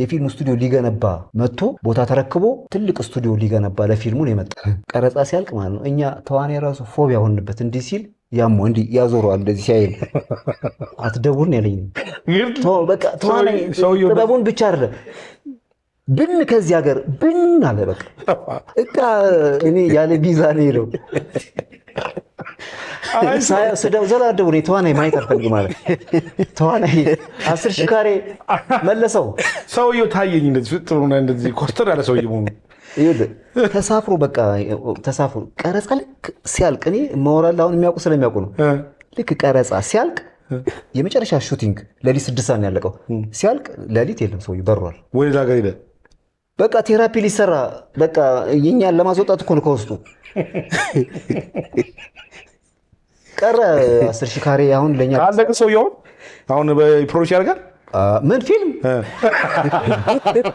የፊልም ስቱዲዮ ሊገነባ መጥቶ ቦታ ተረክቦ ትልቅ ስቱዲዮ ሊገነባ ለፊልሙ ነው የመጣ ቀረጻ ሲያልቅ ማለት ነው። እኛ ተዋኔ ራሱ ፎቢያ ሆንበት እንዲህ ሲል ያሞ እንዲህ ያዞረዋል። እንደዚህ ሲያይ አትደውልን ያለኝ ጥበቡን ብቻ አይደለም ብን ከዚህ ሀገር ብን አለ በቃ እቃ እኔ ያለ ቢዛ ነው ሄደው ስደውዘላደቡ ተዋናይ ማየት አልፈልግ ማለት ተዋናይ አስር ሺህ ካሬ መለሰው። ሰውየው ታየኝ እንደዚህ ፍጥሩና እንደዚህ ኮስተር ያለ ሰውየ መሆኑ ተሳፍሮ በቃ ተሳፍሮ ቀረጻ ልክ ሲያልቅ እኔ መወራል አሁን የሚያውቁ ስለሚያውቁ ነው። ልክ ቀረጻ ሲያልቅ የመጨረሻ ሹቲንግ ሌሊት ስድስት ሰዓት ያለቀው። ሲያልቅ ሌሊት የለም ሰው በሯል። ወደ ሀገር ሄደ። በቃ ቴራፒ ሊሰራ በቃ የኛን ለማስወጣት እኮ ነው ከውስጡ ቀረ አስር ሺህ ካሬ አሁን ለኛ አለቀ። ሰውዬውን አሁን በፕሮዲስ ያደርጋል ምን ፊልም